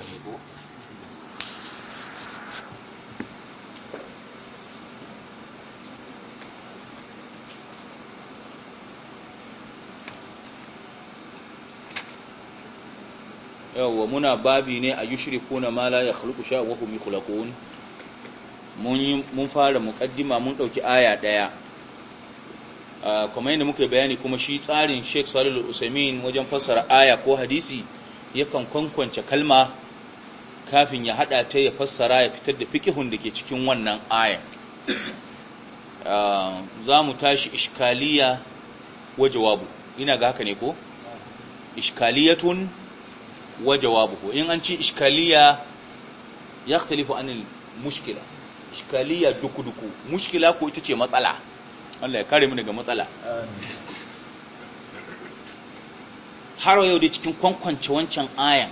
haka yawwa muna babi ne a yushrikuna ma la yakhluqu sha wa hum yukhlaqun mun mun fara muqaddima mun dauki aya daya kamar da muka bayani kuma shi tsarin Sheikh Salih Al-Usaimin wajen fassara aya ko hadisi yakan kwankwance kalma kafin ya hada ta ya fassara ya fitar da da ke cikin wannan ayan ah, za mu tashi iskaliya wa jawabu ina ga haka ne ko iskaliyatun wa jawabuhu in an ci iskaliya yakhtalifu an mushkila iskaliya duku-duku mushkila ko ita ce matsala Allah ya kare mu daga matsala har yau da cikin kwankwance wancan ayan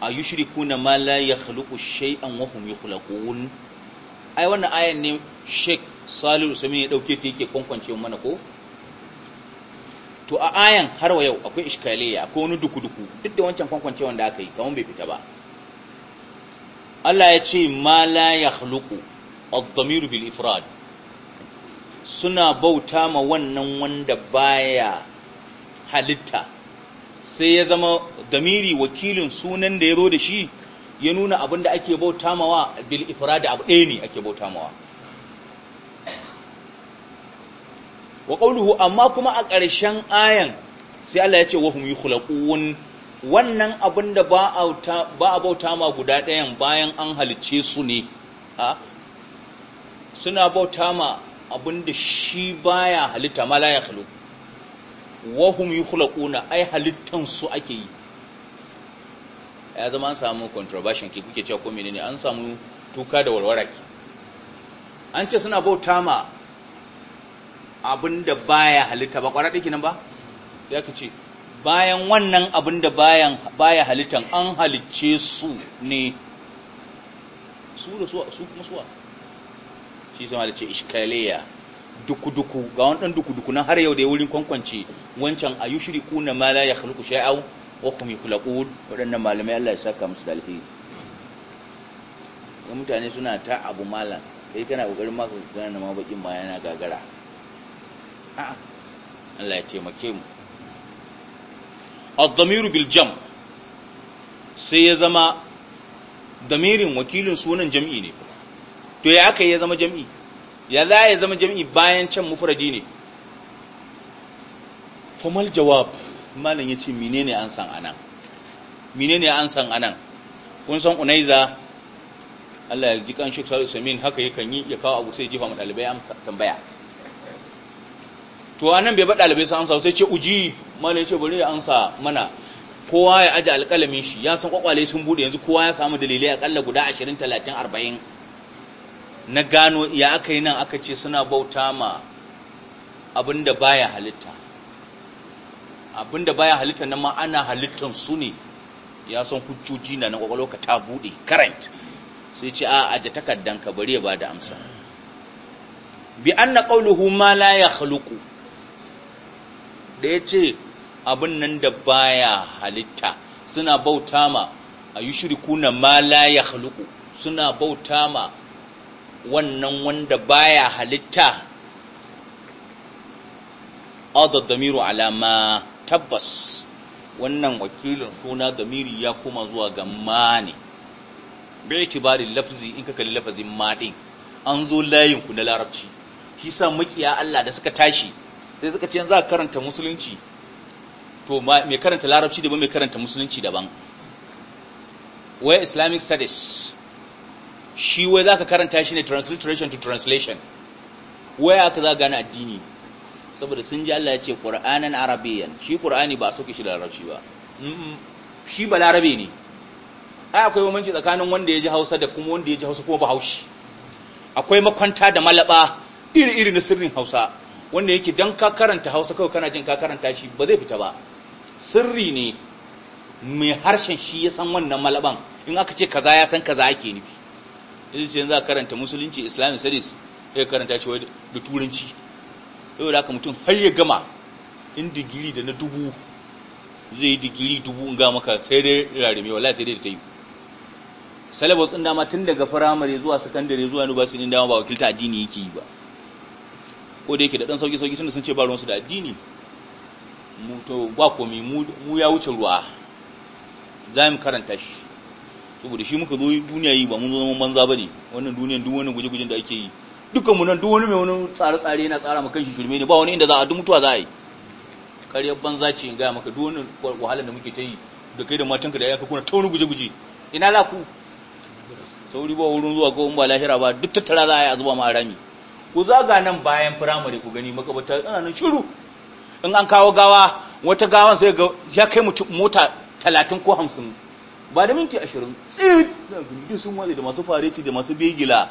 a yushrikuna ma la yakhluqu shay'an wa hum yukhlaqun ai wannan ayan ne Sheikh Salihu Sami ya dauke ta yake kwankwance mana ko to a ayan har wa yau akwai iskaliya akwai wani duku-duku duk da wancan kwankwance wanda aka yi kaman bai fita ba Allah ya ce ma la yakhluqu ad-damir bil ifrad suna bauta ma wannan wanda baya halitta sai ya zama damiri wakilin sunan da ya zo da shi ya nuna abin da ake bauta mawa bil da abu ɗaya ne ake bauta mawa wa ƙauluhu amma kuma a ƙarshen ayan sai Allah ya ce wa yi yukhlaqun wannan abin da ba a bauta ma guda ɗayan bayan an halicce su ne suna bauta ma abin da shi baya halitta ma la ya wahum yukhlaquna ai halittan su ake yi ya zama an samu controversion ke kuke cewa ko menene an samu tuka da walwara ke an ce suna bauta ma abinda baya halitta ba kwara ɗiki nan ba sai aka ce bayan wannan abinda bayan baya halittan an halicce su ne su da suwa, su kuma suwa shi sama da ce ishkaliya duku-duku ga wani ɗan duku-duku nan har yau da ya wurin kwankwance wancan a yushiri kuna ma la ya khuluku shay'au wa hum yukhlaqun waɗannan malamai Allah ya saka musu da alheri ga mutane suna ta abu malam kai kana kokarin ma ka gane ma mabakin ma yana gagara a'a Allah ya taimake mu ad-damiru bil jam sai ya zama damirin wakilin sunan jam'i ne to ya aka ya zama jam'i ya za ya zama jami'i bayan can mufuradi ne formal jawab malam ya ce menene an san anan menene an san anan kun san unaiza Allah ya ji kan shi sallallahu alaihi haka yakan yi ya kawo abu sai jifa ma dalibai an tambaya to anan bai ba dalibai sun ansa sai ce uji malam ya ce bari ya ansa mana kowa ya aje alƙalamin shi ya san kwakwale sun bude yanzu kowa ya samu dalilai akalla guda 20 30 40 na gano ya aka yi nan aka ce suna bauta ma abinda baya halitta abinda baya halitta nan ma ana halittan su ne ya san hujjoji na na kwakwalwa ka ta bude current sai ce a aje takardan ka bari ya da amsa bi an na qawluhu ma la haluku da ya ce abin nan da baya halitta suna bauta ma a yi na ma la haluku suna bauta ma wannan wanda baya halitta adad damiru alama tabbas wannan wakilin suna damiri ya koma zuwa ga ma ne bai tibarin lafzi in ka kalli lafazin ma din an zo layin ku na larabci shi sa makiya Allah da suka tashi sai suka ce za ka karanta musulunci to mai karanta larabci daban mai karanta musulunci daban wai islamic studies shi wai za ka karanta shi ne transliteration to translation waya ka za gane addini saboda sun ji Allah ya ce ƙura'anan arabiyan shi ƙura'ani ba soke shi da larabci ba shi ba larabe ne ai akwai mamanci tsakanin wanda ya ji hausa da kuma wanda ya ji hausa kuma ba haushi akwai makwanta da malaba iri-iri na sirrin hausa wanda yake don ka karanta hausa kawai kana jin ka karanta shi ba zai fita ba sirri ne mai harshen shi ya san wannan malaban in aka ce kaza ya san kaza ake nufi yanzu ce za karanta musulunci islamic studies ya karanta shi da turanci yau haka mutum har ya gama in digiri da na dubu zai yi digiri dubu in ga maka sai dai rarrame wallahi sai dai da ta yi salabas din dama tun daga firamare zuwa sakandare zuwa university din dama ba wakilta addini yake yi ba ko da yake da dan sauki sauki tunda sun ce ba ruwansu da addini mu to ba mu ya wuce ruwa za mu karanta shi saboda shi muka zo duniya yi ba mun zo zaman banza bane wannan duniyan duk wani guje-gujen da ake yi dukkan mu nan duk wani mai wani tsare-tsare yana tsara maka shi shirme ne ba wani inda za a duk mutuwa za a yi ƙaryar banza ce in gaya maka duk wani wahalar da muke ta yi da kai da matanka da yaka kuna ta wani guje-guje ina za ku sauri ba wurin zuwa ko in ba lahira ba duk tattara za a yi a zuba ma rami ku zaga nan bayan firamare ku gani makabata ana nan shiru in an kawo gawa wata gawan sai ga ya kai mutum mota talatin ko hamsin ba da minti ashirin tsit duk sun waje da masu fareci da masu begila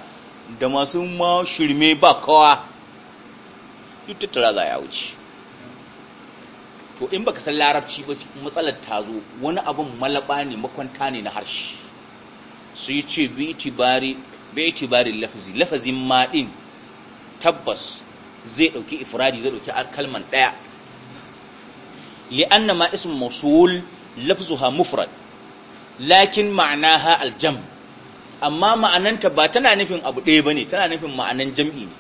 da masu ma shirme ba kawa duk tattara za ya wuce to in baka san larabci ba matsalar ta zo wani abin malaba ne makwanta ne na harshe su yi ce bai itibari bari lafazi lafazin ma din tabbas zai dauki ifradi zai dauki kalman daya li'anna ma ism mawsul lafzuha mufrad lakin ma'ana ha aljam amma ma'ananta ba tana nufin abu ɗaya bane tana nufin ma'anan jam'i ne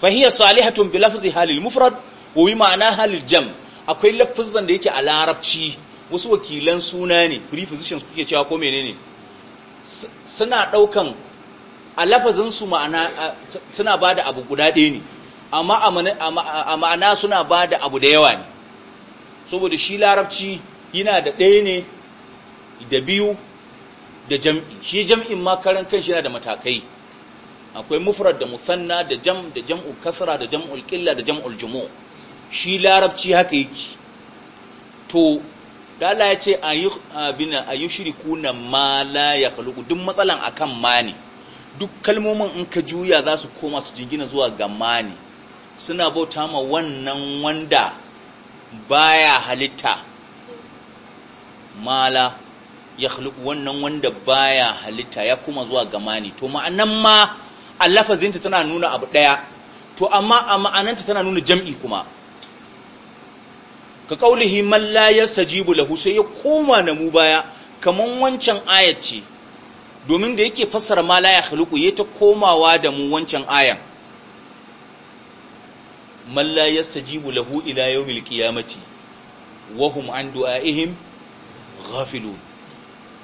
fa hiya salihatun bi lafzi halil mufrad wa bi ma'ana halil jam akwai lafzan da yake a larabci wasu wakilan suna ne prepositions kuke cewa ko menene suna daukan a lafazin su ma'ana suna bada abu guda ɗaya ne amma a ma'ana suna bada abu da yawa ne saboda shi larabci yana da ɗaya ne da biyu da jam'i shi jam'in ma karan kanshi yana da matakai akwai mufrad da musanna da jam da jam'ul kasra da jam'ul qilla da jam'ul jumu shi larabci haka yake to dala Allah ya ce abina ayushrikuna ma la yakhluqu duk matsalan akan ma ne duk kalmomin in ka juya za su koma su jingina zuwa ga ma ne suna bauta ma wannan wanda baya halitta mala ya wannan wanda baya halitta ya kuma zuwa gamani to ma'anan ma a lafazinta tana nuna abu daya, to amma a ma'ananta tana nuna jam'i kuma ka qaulihi man la yastajibu lahu sai ya koma na mu baya kaman wancan ayat ce domin da yake fassara ma la yakhluqu ya ta komawa da mu wancan ayan man la yastajibu lahu ila yawmil qiyamati wa hum an du'aihim ghafilun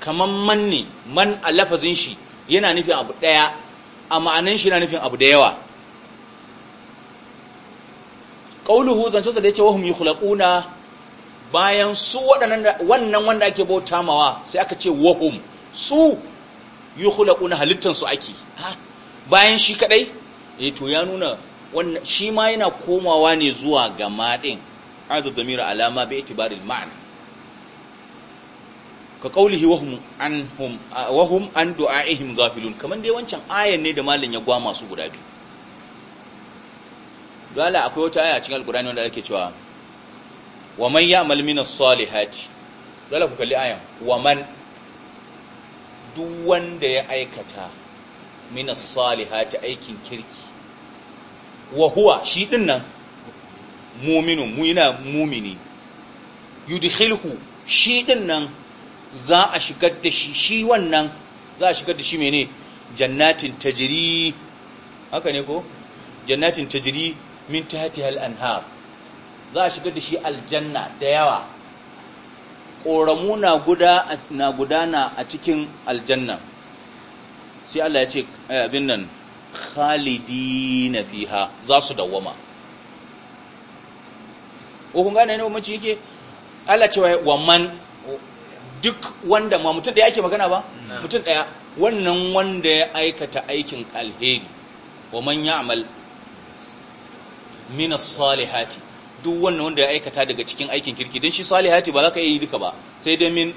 kaman man ne man a lafazin shi yana nufin abu ɗaya a ma'anin shi yana nufin abu da yawa ƙauluhu zancensa da ya ce wahum yi hulakuna bayan su wannan wanda ake bauta mawa sai aka ce wahum su yi hulakuna halittansu ake bayan shi kaɗai e to ya nuna shi ma yana komawa ne zuwa ga maɗin arzu alama bai itibarin ma'ana ka kaulihi wahum anhum wahum an du'aihim ghafilun kaman dai wancan ayan ne da malin ya gwa masu guda biyu dole akwai wata aya cikin alqur'ani wanda ake cewa wa man ya'mal minas salihati dole ku kalli ayan wa man duk wanda ya aikata minas salihati aikin kirki wa huwa shi din nan mu yana mumini yudkhilhu shi nan za a shigar da shi shi wannan za a shigar da shi mene jannatin tajiri haka ne ko jannatin tajiri min tahtiha al-anhar za a shigar da shi aljanna da yawa ƙoramu na guda na gudana a cikin aljanna sai Allah ya ce eh, abin nan khalidina fiha za su dawwama ko kun gane ne mace yake Allah ce wa man duk wanda ma mutum ɗaya ake magana ba mutum ɗaya wannan wanda ya aikata aikin alheri wa man ya'mal min as-salihati duk wannan wanda ya aikata daga cikin aikin kirki dan shi salihati ba za ka yi duka ba sai dai min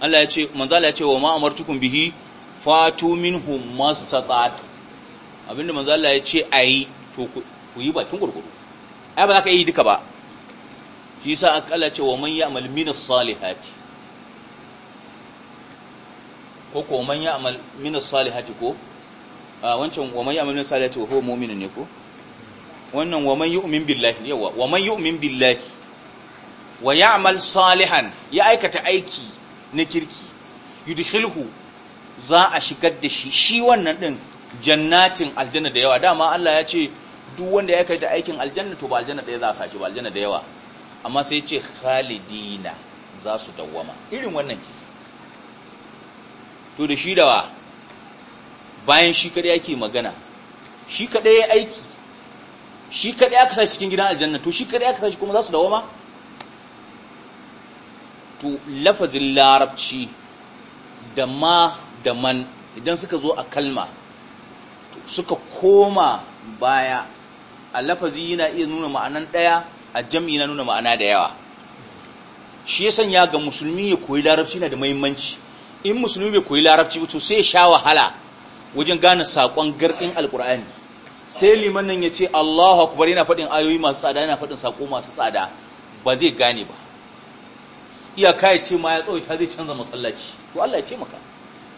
Allah ya ce manzo Allah ya ce wa ma amartukum bihi fatu minhum mastata'at abinda manzo Allah ya ce ayi to ku yi bakin gurguru ai ba za ka yi duka ba shi yasa Allah ya ce wa man ya'mal min as-salihati ko ko man amal min salihati ko a wancan wa man amal min salihati wa huwa mu'minun ne ko wannan wa man yu'min billahi yawa wa man yu'min billahi wa ya'mal salihan ya aikata aiki na kirki yudkhilhu za a shigar da shi shi wannan din jannatin aljanna da yawa dama Allah ya ce duk wanda ya kaita aikin aljanna to ba aljanna da ya za a sashi ba aljanna da yawa amma sai ya ce khalidina za su dawwama irin wannan ke to da shi dawa bayan shi kadai ake magana shi kadai ya aiki shi kadai aka sa cikin gidan aljanna to shi kadai aka sa kuma za su dawo ma to lafazin larabci da ma da man idan suka zo a kalma suka koma baya a lafazi yana iya nuna ma'anan ɗaya a jami'i na nuna ma'ana da yawa shi ya sanya ga musulmi ya koyi larabci na da mahimmanci in musulmi bai koyi larabci ba to sai ya sha wahala wajen gane sakon garɗin alkur'ani sai liman nan ya ce Allahu akbar yana faɗin ayoyi masu tsada yana faɗin sako masu tsada ba zai gane ba iyaka ya ce ma ya tsawaita zai canza masallaci to Allah ya ce maka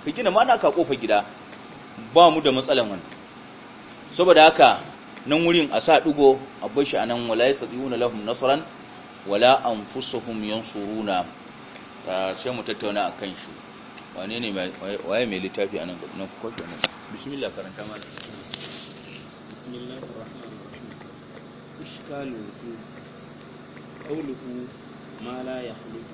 ka gina ma na ka kofa gida ba mu da matsalan wannan saboda haka nan wurin a sa ɗigo a bar shi anan wala wuna lahum nasran wala anfusuhum yansuruna ah, sai mu tattauna akan shi wane ne waye mai littafi a nan nan kwashe nan bismillah karanta mana bismillahir rahmanir rahim ishkalu qawluhu ma la yakhluqu